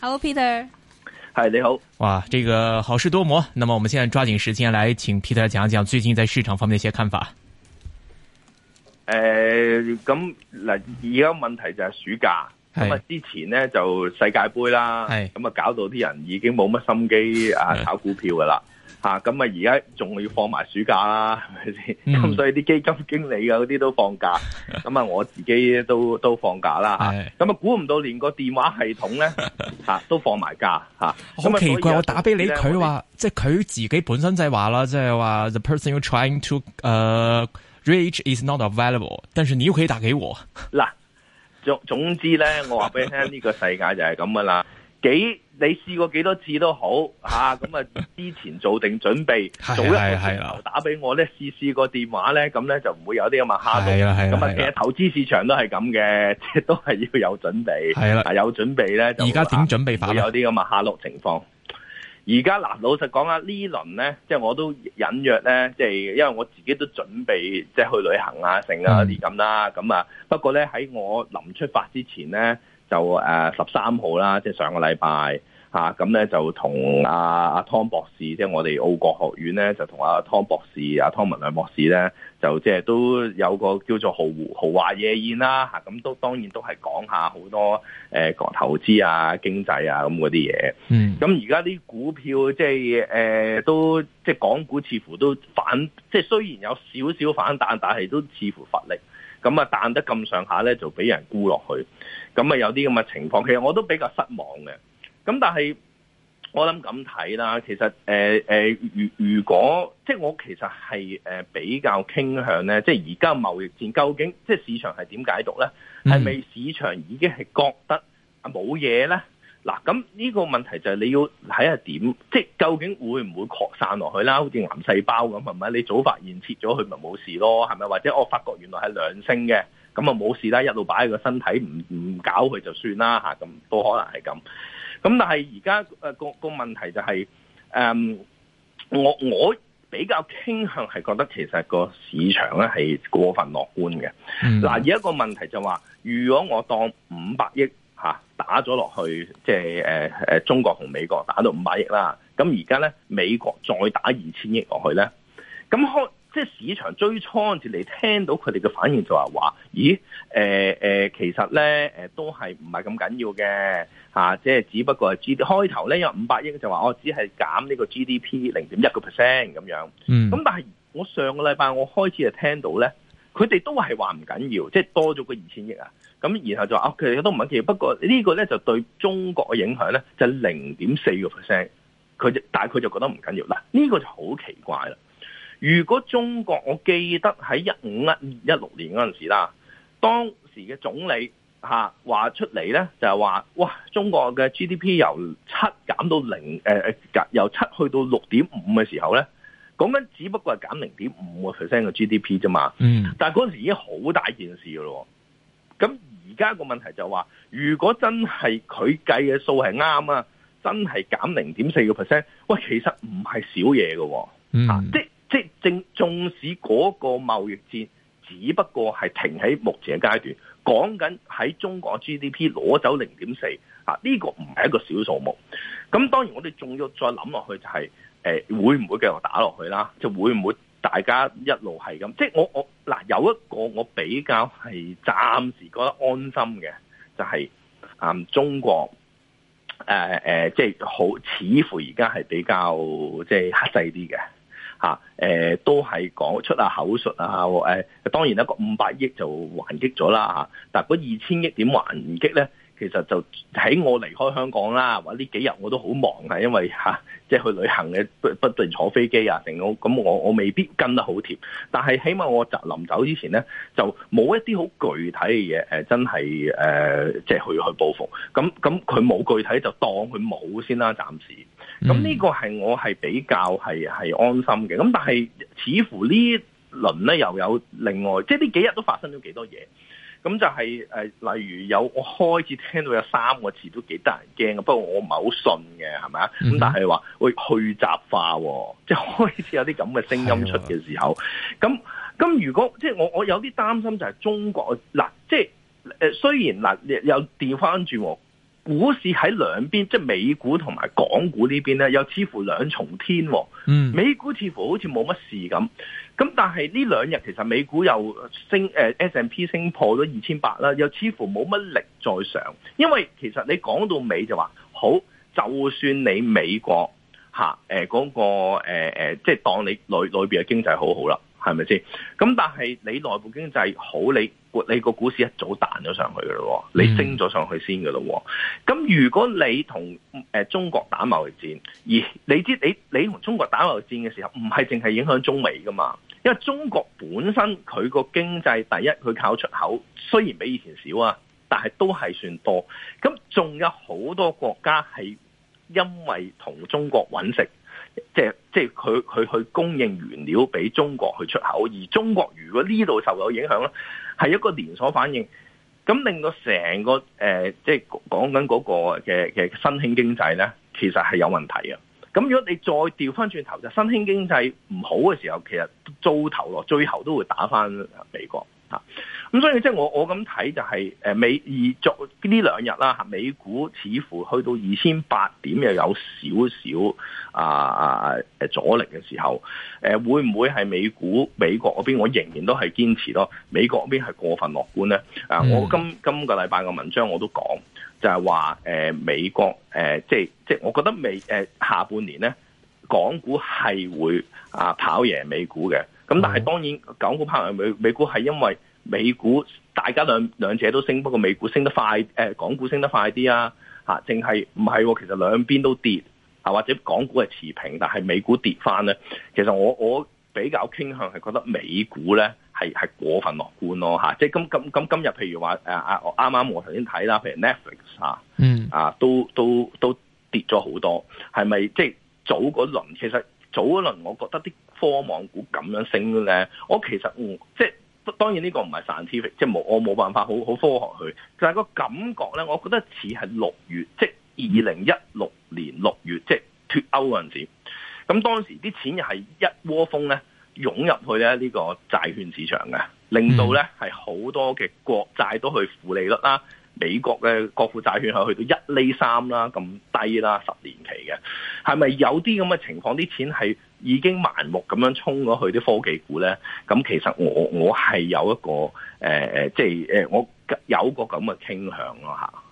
Hello，Peter。係 Hello，你好。哇，這個好事多磨。那麼我們現在抓緊時間來請 Peter 講一講最近在市場方面的一些看法。誒、呃，咁嗱，而家問題就係暑假，咁啊是之前呢就世界杯啦，咁啊是搞到啲人已經冇乜心機啊炒股票噶啦。吓咁啊！而家仲要放埋暑假啦，係咪先？咁所以啲基金經理啊嗰啲都放假，咁啊 我自己都都放假啦。咁啊吓，估唔到連個電話系統咧吓都放埋假吓，好奇怪！我打俾你，佢話即係佢自己本身就係話啦，即係話 the person you're trying to uh, reach is not available，但係你又可以打俾我嗱。總總之咧，我話俾你聽，呢 個世界就係咁噶啦。幾你試過幾多次都好吓，咁啊之前做定準備，早 一個電話打俾我咧，試試 個電話咧，咁咧就唔會有啲咁嘅下落。係啊係啊，咁啊其實投資市場都係咁嘅，即係都係要有準備。係啦的，有準備咧，而家點準備法有啲咁嘅下落情況。而家嗱，老實講啊，輪呢輪咧，即、就、係、是、我都隱約咧，即、就、係、是、因為我自己都準備即係、就是、去旅行啊，成啊啲咁啦。咁啊、嗯，不過咧喺我臨出發之前咧。就誒十三號啦，即係上個禮拜嚇，咁、啊、咧就同阿阿湯博士，即、就、係、是、我哋澳國學院咧，就同阿湯博士、阿、啊、湯文亮博士咧，就即係都有個叫做豪豪華夜宴啦嚇，咁、啊、都當然都係講下好多誒、呃、投資啊、經濟啊咁嗰啲嘢。那些東西嗯，咁而家啲股票即係誒、呃、都即係港股似乎都反，即係雖然有少少反彈，但係都似乎乏，乏力。咁啊彈得咁上下咧，就俾人沽落去，咁啊有啲咁嘅情況，其實我都比較失望嘅。咁但係我諗咁睇啦，其實誒如、呃呃、如果即我其實係比較傾向咧，即而家貿易戰究竟即市場係點解讀咧？係咪、嗯、市場已經係覺得冇嘢咧？嗱，咁呢個問題就係你要睇下點，即究竟會唔會擴散落去啦？好似癌細胞咁係咪？你早發現切咗佢咪冇事咯？係咪？或者我發覺原來係良性嘅，咁啊冇事啦，一路擺喺個身體唔唔搞佢就算啦吓，咁都可能係咁。咁但係而家個個問題就係誒，我我比較傾向係覺得其實個市場咧係過分樂觀嘅。嗱，嗯，而家個問題就話，如果我當五百億，吓打咗落去，即係誒誒，中國同美國打到五百億啦。咁而家咧，美國再打二千億落去咧，咁開即係市場最初陣時，你聽到佢哋嘅反應就係話：咦，誒、呃、誒、呃，其實咧，誒都係唔係咁緊要嘅吓、啊，即係只不過係 G D, 開頭咧有五百億就話我、哦、只係減呢個 GDP 零點一個 percent 咁樣。咁但係我上個禮拜我開始就聽到咧，佢哋都係話唔緊要，即係多咗個二千億啊。咁然後就啊佢哋都唔肯嘅，不過呢個咧就對中國嘅影響咧就零點四個 percent，佢但係佢就覺得唔緊要嗱，呢、這個就好奇怪啦。如果中國我記得喺一五一六年嗰陣時啦，當時嘅總理嚇話、啊、出嚟咧就係話哇，中國嘅 GDP 由七減到零誒、呃、由七去到六點五嘅時候咧，講緊只不過係減零點五個 percent 嘅 GDP 啫嘛，嗯，但係嗰陣時已經好大件事噶咯，咁。而家個問題就係話，如果真係佢計嘅數係啱啊，真係減零點四個 percent，喂，其實唔係少嘢嘅喎，啊，即即正縱使嗰個貿易戰，只不過係停喺目前嘅階段，講緊喺中國 GDP 攞走零點四啊，呢個唔係一個小數目。咁當然我哋仲要再諗落去、就係，就係誒會唔會繼續打落去啦？就係、會唔會？大家一路係咁，即係我我嗱有一個我比較係暫時覺得安心嘅，就係、是、啊、嗯、中國、呃呃、即係好似乎而家係比較即係黑細啲嘅都係講出下口述啊，啊當然一個五百億就還擊咗啦嚇，但嗰二千億點還擊咧？其實就喺我離開香港啦，或者呢幾日我都好忙啊，因為、啊、即係去旅行嘅，不不斷坐飛機啊，定好咁，我我未必跟得好貼，但係起碼我臨走之前咧，就冇一啲好具體嘅嘢誒，真係誒即係去去報復。咁咁佢冇具體就當佢冇先啦，暫時。咁呢個係我係比較係係安心嘅。咁但係似乎呢輪咧又有另外，即係呢幾日都發生咗幾多嘢。咁就係、是呃、例如有我開始聽到有三個字都幾得人驚嘅，不過我唔係好信嘅，係咪啊？咁、mm hmm. 但係話會去集化，哦，即係開始有啲咁嘅聲音出嘅時候，咁咁、mm hmm. 如果即係我我有啲擔心就係中國嗱，即係、呃、雖然嗱有調翻轉喎。股市喺兩邊，即係美股同埋港股這邊呢邊咧，又似乎兩重天，哦。嗯，美股似乎好像沒什麼似冇乜事咁，咁但係呢兩日其實美股又升，誒 S&P 升破咗二千八啦，又似乎冇乜力再上。因為其實你講到尾就話，好，就算你美國吓，誒、啊、嗰、呃那個，誒、呃、誒，即係當你內內邊嘅經濟很好好啦，係咪先？咁但係你內部經濟好，你。你個股市一早彈咗上去嘅咯，你升咗上去先嘅咯。咁、嗯、如果你同中國打貿易戰，而你知你你同中國打貿易戰嘅時候，唔係淨係影響中美噶嘛？因為中國本身佢個經濟第一，佢靠出口，雖然比以前少啊，但係都係算多。咁仲有好多國家係因為同中國搵食。即係即係佢佢去供應原料俾中國去出口，而中國如果呢度受到影響咧，係一個連鎖反應，咁令到成個、呃、即係講緊嗰個嘅嘅新興經濟咧，其實係有問題嘅。咁如果你再調翻轉頭，就新興經濟唔好嘅時候，其實都遭頭落，最後都會打翻美國。咁所以即係我我咁睇就係誒美而作呢兩日啦，吓，美股似乎去到二千八點又有少少啊誒、啊、阻力嘅時候，誒、啊、會唔會係美股美國嗰邊？我仍然都係堅持咯，美國嗰邊係過分樂觀咧。啊，我今今個禮拜嘅文章我都講，就係話誒美國誒、啊、即係即係我覺得美誒、啊、下半年咧，港股係會啊跑贏美股嘅。咁但係當然港股跑贏美美股係因為。美股大家兩者都升，不過美股升得快，誒，港股升得快啲啊，嚇，淨係唔係？其實兩邊都跌，或者港股係持平，但係美股跌翻咧。其實我我比較傾向係覺得美股咧係係過分樂觀咯，即係今咁咁今，今日譬如話啊，啱啱我頭先睇啦，譬如 Netflix 嗯，啊，都都都跌咗好多，係咪即係早嗰輪？其實早嗰輪我覺得啲科網股咁樣升嘅咧，我其實、嗯、即係。當然呢個唔係 fantasy 即係冇我冇辦法好好科學去，就係個感覺咧，我覺得似係六月，即係二零一六年六月，即係脱歐嗰陣時。咁當時啲錢又係一窩蜂咧湧入去咧呢個債券市場嘅，令到咧係好多嘅國債都去負利率啦，美國嘅國庫債券係去到一厘三啦咁低啦十年期嘅，係咪有啲咁嘅情況？啲錢係？已經盲目咁樣衝咗去啲科技股咧，咁其實我我係有一個呃呃，即係呃，我有個咁嘅傾向咯吓。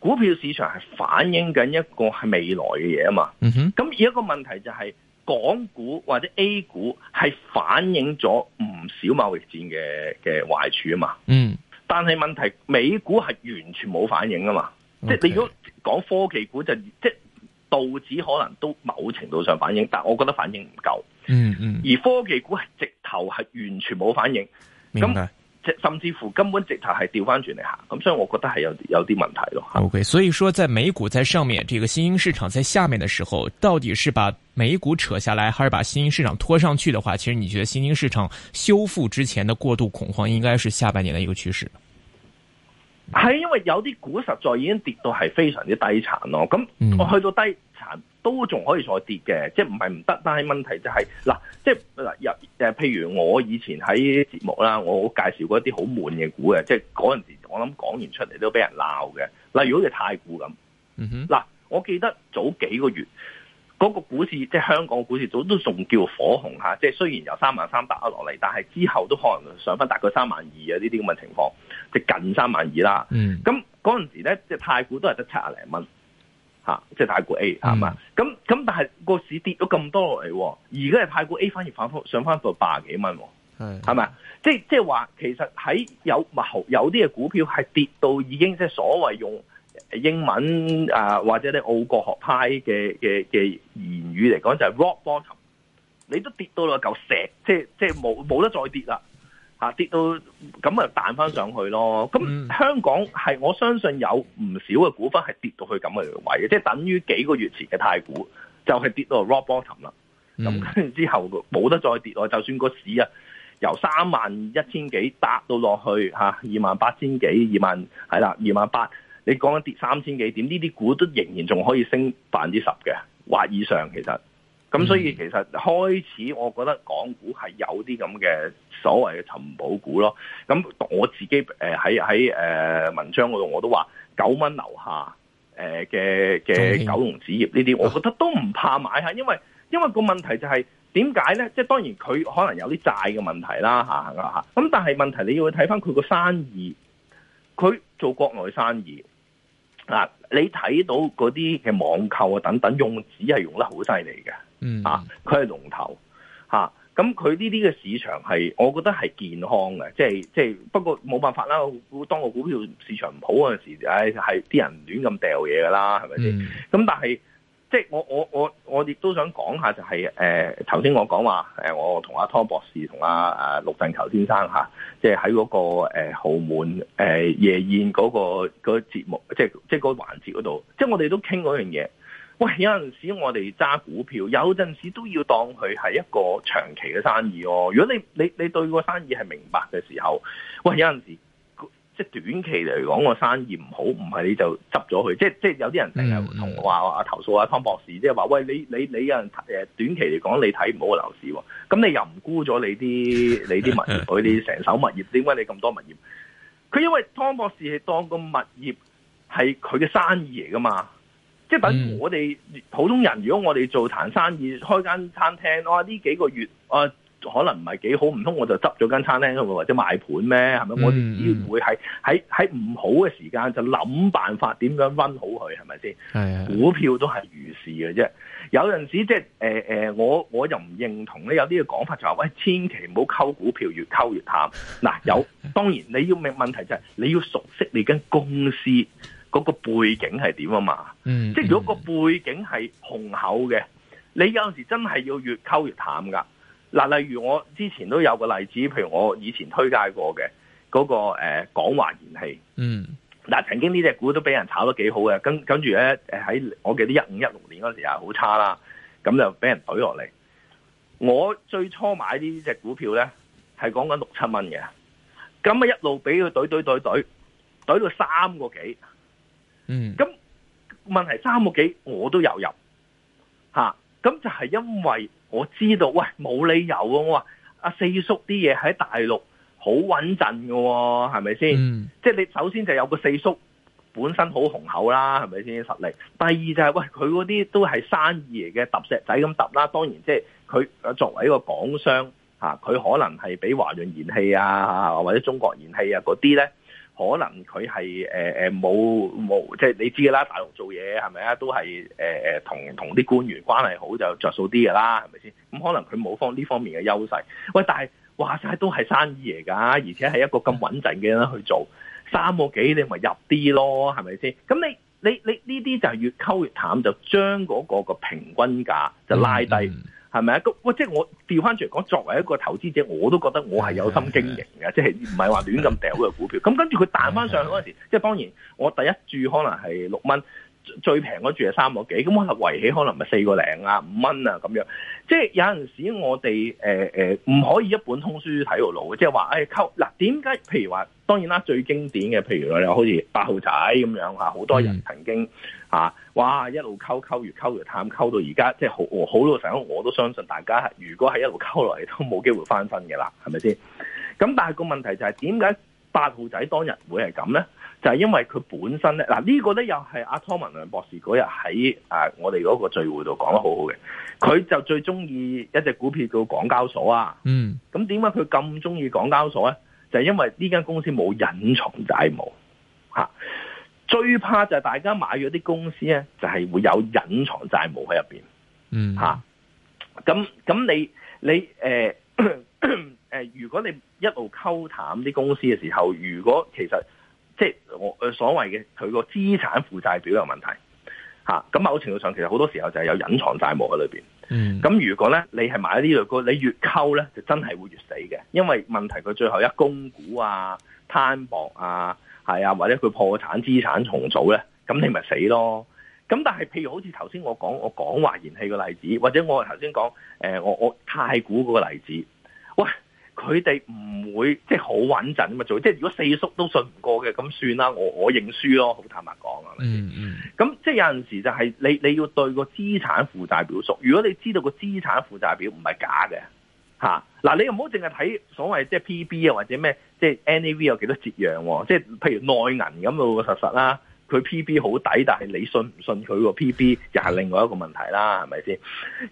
股票市場係反映緊一個係未來嘅嘢啊嘛，咁、mm hmm. 而一個問題就係港股或者 A 股係反映咗唔少貿易戰嘅嘅壞處啊嘛，嗯、mm，hmm. 但係問題係美股係完全冇反映啊嘛，Okay. 即係你如果講科技股就即係道指可能都某程度上反映，但係我覺得反映唔夠，嗯嗯、mm，hmm. 而科技股係直頭係完全冇反映，mm hmm. 那明甚至乎根本直頭係掉返轉嚟行，咁所以我覺得係有有啲問題咯。OK，所以說在美股在上面，這個新興市場在下面嘅時候，到底是把美股扯下來，還是把新興市場拖上去嘅話，其實你覺得新興市場修復之前嘅過度恐慌，應該是下半年嘅一個趨勢。係因為有啲股實在已經跌到係非常之低殘咯，咁我去到低殘。嗯都仲可以再跌嘅，即係唔係唔得，但係問題就係、是、嗱，即係嗱入誒，譬如我以前喺節目啦，我介紹過一啲好悶嘅股嘅，即係嗰陣時我諗講完出嚟都俾人鬧嘅。例如好似太古咁，嗱、嗯哼，我記得早幾個月嗰、嗰個股市，即係香港股市早都仲叫火紅下，即係雖然由三萬三打一落嚟，但係之後都可能上翻大概三萬二啊，呢啲咁嘅情況，即係近三萬二啦。嗯，咁嗰陣時咧，即係太古都係得七廿零蚊。吓、啊，即係太古 A 吓嘛，咁咁、嗯、但係個市跌咗咁多落嚟，而家係太古 A 反而反覆上翻到百幾蚊，係係咪？即係即係話，其實喺有某有啲嘅股票係跌到已經即係所謂用英文啊、呃、或者啲澳國學派嘅嘅嘅言語嚟講就係、是、rock bottom，你都跌到落嚿石，即係即係冇冇得再跌啦。嚇跌到咁啊，彈翻上去咯！咁香港係我相信有唔少嘅股份係跌到去咁嘅位嘅，即係等於幾個月前嘅太古就係、是、跌到 rock bottom 啦。咁、嗯、之後冇得再跌落，就算個市啊由三萬一千幾達到落去二、啊、萬八千幾、二萬係啦、二萬八，你講緊跌三千幾點，呢啲股都仍然仲可以升百分之十嘅或以上，其實。咁所以其實開始，我覺得港股係有啲咁嘅所謂嘅尋寶股咯。咁我自己喺喺、呃呃、文章嗰度我都話九蚊樓下嘅嘅、呃、九龍紙業呢啲，我覺得都唔怕買下，因為因為個問題就係點解咧？即係當然佢可能有啲債嘅問題啦，咁、啊啊、但係問題你要去睇翻佢個生意，佢做國內生意嗱、啊，你睇到嗰啲嘅網購啊等等，用紙係用得好犀利嘅。嗯啊，佢係龍頭吓，咁佢呢啲嘅市場係，我覺得係健康嘅，即係即係，不過冇辦法啦。當個股票市場唔好嗰陣時，唉、哎，係啲人亂咁掉嘢㗎啦，係咪先？咁、嗯、但係，即係我我我我亦都想講下、就係，就係誒，頭先我講話誒，我同阿湯博士同阿阿陸振球先生吓、啊，即係喺嗰個誒豪、呃、門誒、呃、夜宴嗰、嗰個、嗰個節目，即係即係個環節嗰度，即係、嗰個、我哋都傾嗰樣嘢。喂，有陣時我哋揸股票，有陣時都要當佢係一個長期嘅生意咯、哦。如果你你你對個生意係明白嘅時候，喂，有陣時即係短期嚟講個生意唔好，唔係你就執咗佢。即即係有啲人成日同我話話投訴阿湯博士，即係話、嗯嗯、喂，你你你有人誒短期嚟講你睇唔好個樓市喎、哦，咁你又唔沽咗你啲你啲物業嗰啲成手物業，點解 你咁多物業？佢因為湯博士係當個物業係佢嘅生意嚟㗎嘛。即係等我哋普通人，如果我哋做攤生意，開間餐廳，哇、啊！呢幾個月啊，可能唔係幾好，唔通我就執咗間餐廳㗎或者賣盤咩？係咪？嗯、我哋只會喺喺喺唔好嘅時間就諗辦法點樣温好佢，係咪先？係啊，股票都係如是嘅啫。有陣時即係、呃、我我又唔認同咧，有啲嘅講法就話、是：喂、哎，千祈唔好溝股票，越溝越淡。嗱、啊，有 當然你要問問題就係、是、你要熟悉你間公司。嗰個背景係點啊嘛？嗯、即係如果個背景係雄厚嘅，你有陣時真係要越溝越淡㗎。嗱，例如我之前都有個例子，譬如我以前推介過嘅嗰個誒港、呃、華燃氣。嗯，嗱，曾經呢隻股都俾人炒得幾好嘅，跟跟住咧誒喺我記得一五一六年嗰時係好差啦，咁就俾人懟落嚟。我最初買呢隻股票咧係講緊六七蚊嘅，咁啊一路俾佢懟懟懟懟，懟到三個幾。嗯，咁問題三個幾我都有入吓，咁、啊、就係因為我知道喂，冇理由啊。我話阿四叔啲嘢喺大陸好穩陣喎，係咪先？嗯、即係你首先就有個四叔本身好雄厚啦，係咪先實力？第二就係、是、喂佢嗰啲都係生意嚟嘅，揼石仔咁揼啦。當然即係佢作為一個港商吓，佢、啊、可能係俾華潤燃氣啊或者中國燃氣啊嗰啲咧。可能佢係誒誒冇冇，即係你知嘅啦。大陸做嘢係咪啊？都係誒誒同同啲官員關係好就著數啲嘅啦，係咪先？咁可能佢冇方呢方面嘅優勢。喂，但係話晒都係生意嚟㗎，而且係一個咁穩陣嘅人去做三個幾，你咪入啲咯，係咪先？咁你你你呢啲就係越溝越淡，就將嗰個個平均價就拉低。係咪啊？咁喂，即係我調翻出嚟講，作為一個投資者，我都覺得我係有心經營嘅， 即係唔係話亂咁掉嘅股票。咁跟住佢彈翻上去嗰陣時， 即係當然我第一注可能係六蚊。最平嗰住係三個幾，咁我係圍起可能咪四個零啊五蚊啊咁樣，即有陣時我哋誒誒唔可以一本通書睇到老，即係話誒溝嗱點解？譬如話當然啦，最經典嘅譬如你好似八號仔咁樣嚇，好、嗯、多人曾經嚇、啊、哇一路溝溝越溝越淡，溝，溝到而家即係好好到成，我都相信大家如果係一路溝落嚟都冇機會翻身嘅啦，係咪先？咁但係個問題就係點解八號仔當日會係咁咧？就係因為佢本身咧，嗱、啊、呢、呢個咧又係阿湯文亮博士嗰日喺啊我哋嗰個聚會度講得很好好嘅。佢就最中意一隻股票叫港交所啊。嗯。咁點解佢咁中意港交所咧？就係、是、因為呢間公司冇隱藏債務嚇、啊。最怕就係大家買咗啲公司咧，就係、是、會有隱藏債務喺入邊。啊、嗯。嚇、啊。咁咁你你誒誒、呃 呃，如果你一路溝淡啲公司嘅時候，如果其實即係我所謂嘅佢個資產負債表有問題嚇，咁某程度上其實好多時候就係有隱藏債務喺裏邊。咁、嗯、如果咧你係買呢類股，你越溝咧就真係會越死嘅，因為問題佢最後一供股啊、攤薄啊、係啊，或者佢破產資產重組咧，咁你咪死咯。咁但係譬如好似頭先我講我講華潤燃氣嘅例子，或者我頭先講誒我我太古嗰個例子，喂。佢哋唔會即係好穩陣啊嘛，做即係如果四叔都信唔過嘅，咁算啦，我我認輸咯，好坦白講，係咁、嗯嗯、即係有陣時就係你你要對個資產負債表熟。如果你知道個資產負債表唔係假嘅，吓、啊、嗱，你又唔好淨係睇所謂即係 PB 啊，或者咩即係 NAV 有幾多折讓喎、啊？即係譬如內銀咁老實實啦、啊。佢 P B 好抵，但係你信唔信佢個 P B，又係另外一個問題啦，係咪先？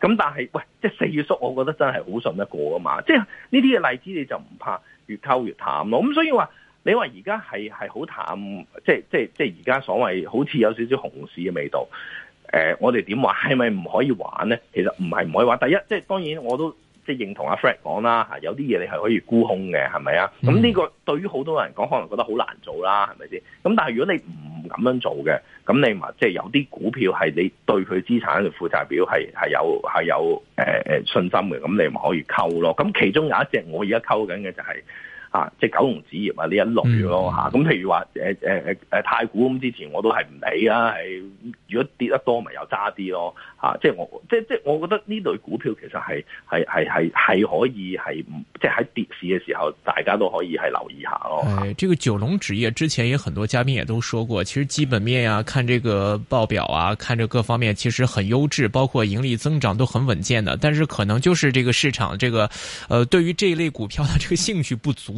咁但係，喂，即係四月叔，我覺得真係好信得過啊嘛！即係呢啲嘅例子，你就唔怕越溝越淡咯。咁所以話，你話而家係係好淡，即係即係即係而家所謂好似有少少熊市嘅味道。呃，我哋點話係咪唔可以玩咧？其實唔係唔可以玩。第一，即係當然我都。即係認同阿 Fred 講啦，嚇有啲嘢你係可以沽空嘅，係咪啊？咁呢個對於好多人講，可能覺得好難做啦，係咪先？咁但係如果你唔咁樣做嘅，咁你咪即係有啲股票係你對佢資產嘅負債表係係有係有誒誒、呃、信心嘅，咁你咪可以溝咯。咁其中有一隻我而家溝緊嘅就係、是。啊，即係九龍紙業啊呢一類咯嚇，咁譬，嗯啊、如話誒誒誒誒太古咁，之前我都係唔理啊。係如果跌得多咪又揸啲咯嚇、啊，即係我即即係我覺得呢類股票其實係係係係係可以係即係喺跌市嘅時候，大家都可以係留意下咯。誒、哎，這個九龍紙業之前有很多嘉賓也都說過，其實基本面啊，看這個報表啊，看這各方面其實很優質，包括盈利增長都很穩健的，但是可能就是這個市場這個，呃，對於這一類股票嘅這個興趣不足。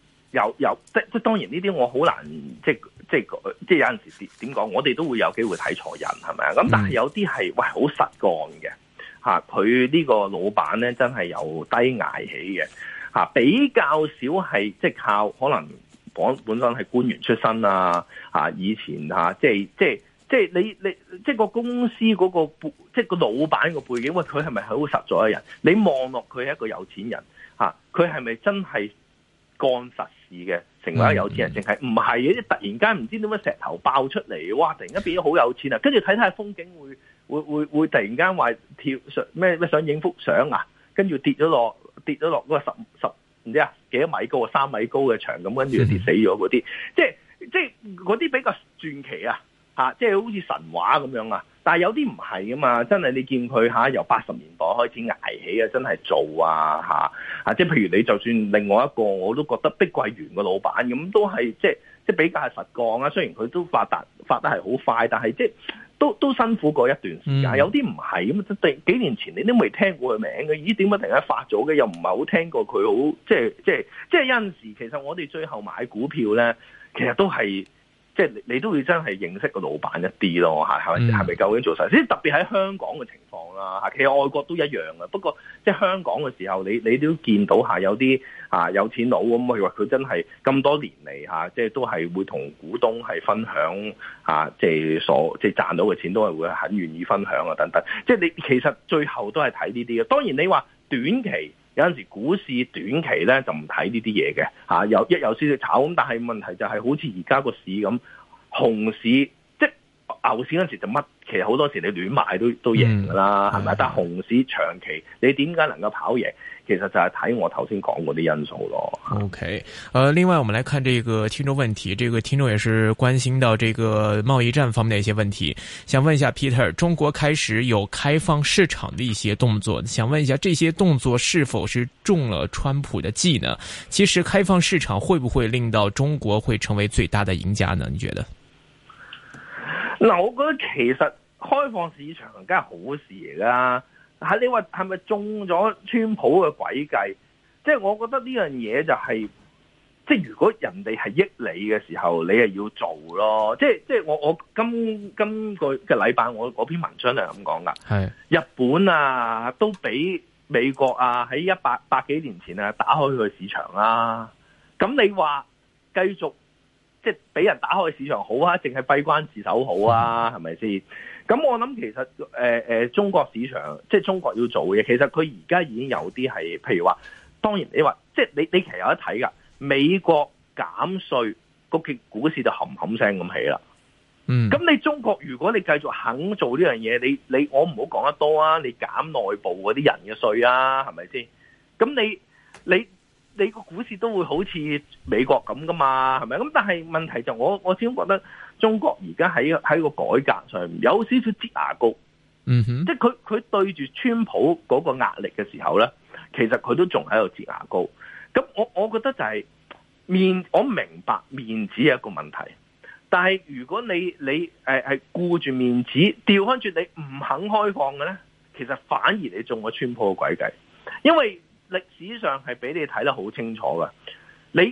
有有即即當然呢啲我好難即即即，即有陣時點講，我哋都會有機會睇錯人係咪啊？咁但係有啲係喂，好實幹嘅嚇佢呢個老闆咧，真係由低挨起嘅嚇比較少係即靠可能本身係官員出身啊嚇以前嚇、啊、即即即你你即個公司嗰個即個老闆個背景喂，佢係咪好實在嘅人？你望落佢係一個有錢人嚇佢係咪真係幹實？.嘅成為一有錢人，淨係唔係啲突然間唔知點乜石頭爆出嚟，哇！突然間變咗好有錢啊！跟住睇睇風景，會會會會突然間話跳上咩咩想影幅相啊！跟住跌咗落跌咗落嗰十十唔知啊幾多米高啊三米高嘅牆咁，跟住跌死咗嗰啲，即係即係嗰啲比較傳奇啊，嚇！啊即係好似神話咁樣啊！但有啲唔係㗎嘛，真係你見佢吓由八十年代開始捱起啊，真係做啊吓啊！即係譬如你就算另外一個，我都覺得碧桂園個老闆咁都係即係即係比較實幹啊。雖然佢都發達發得係好快，但係即係都都辛苦過一段時間。嗯、有啲唔係咁，幾年前你都未聽過佢名嘅，咦？點解突然間發咗嘅？又唔係好聽過佢好即係即係即係有陣時，其實我哋最後買股票咧，其實都係。即係你，你都會真係認識個老闆一啲咯嚇，係咪？係咪究竟做晒？即係特別喺香港嘅情況啦，其實外國都一樣嘅。不過即係香港嘅時候你，你你都見到下有啲啊有錢佬咁，譬如話佢真係咁多年嚟、啊、即係都係會同股東係分享、啊、即係所即係賺到嘅錢都係會很願意分享啊等等。即係你其實最後都係睇呢啲嘅。當然你話短期。有陣時股市短期咧就唔睇呢啲嘢嘅吓。有一有少少炒咁，但係問題就係、是、好似而家個市咁熊市。牛市嗰時就乜，其實好多時你亂買都都贏噶啦，係咪，嗯？但係熊市長期，你點解能夠跑贏？其實就係睇我頭先講嗰啲因素咯。OK，誒、呃，另外我們來看這個聽眾問題，這個聽眾也是關心到這個貿易戰方面的一些問題，想問一下 Peter，中國開始有開放市場的一些動作，想問一下，這些動作是否是中了川普的計呢？其實開放市場會不會令到中國會成為最大的贏家呢？你覺得？嗱，我覺得其實開放市場梗係好事嚟㗎。嚇，你話係咪中咗川普嘅詭計？即係我覺得呢樣嘢就係，即係如果人哋係益你嘅時候，你係要做咯。即係即係我我今今個嘅禮拜我，我嗰篇文章就係咁講噶。係是的 日本啊，都畀美國啊喺一百百幾年前啊打開佢市場啦。咁你話繼續？即係俾人打開市場好啊，淨係閉關自守好啊，係咪先？咁我諗其實誒誒、呃呃，中國市場即係中國要做嘅，其實佢而家已經有啲係，譬如話，當然你話即係你你其實有得睇㗎。美國減稅，個其股市就冚冚聲咁起啦。嗯。咁你中國如果你繼續肯做呢樣嘢，你你我唔好講得多啊。你減內部嗰啲人嘅稅啊，係咪先？咁你你。你你個股市都會好似美國咁噶嘛，係咪？咁但係問題就我我始終覺得中國而家喺喺個改革上有少少擠牙膏，嗯、哼即係佢佢對住川普嗰個壓力嘅時候呢，其實佢都仲喺度擠牙膏。咁我我覺得就係面，我明白面子係一個問題，但係如果你你誒係顧住面子，掉翻轉你唔肯開放嘅呢，其實反而你中咗川普嘅詭計，因為。歷史上係俾你睇得好清楚嘅，你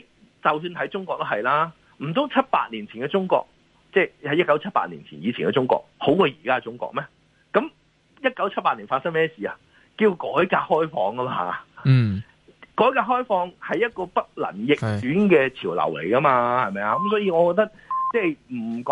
就算喺中國都係啦，唔通七八年前嘅中國，即係喺一九七八年前以前嘅中國，好過而家嘅中國咩？咁一九七八年發生咩事啊？叫改革開放啊嘛，嗯，改革開放係一個不能逆轉嘅潮流嚟噶嘛，係咪啊？咁所以我覺得即係唔講。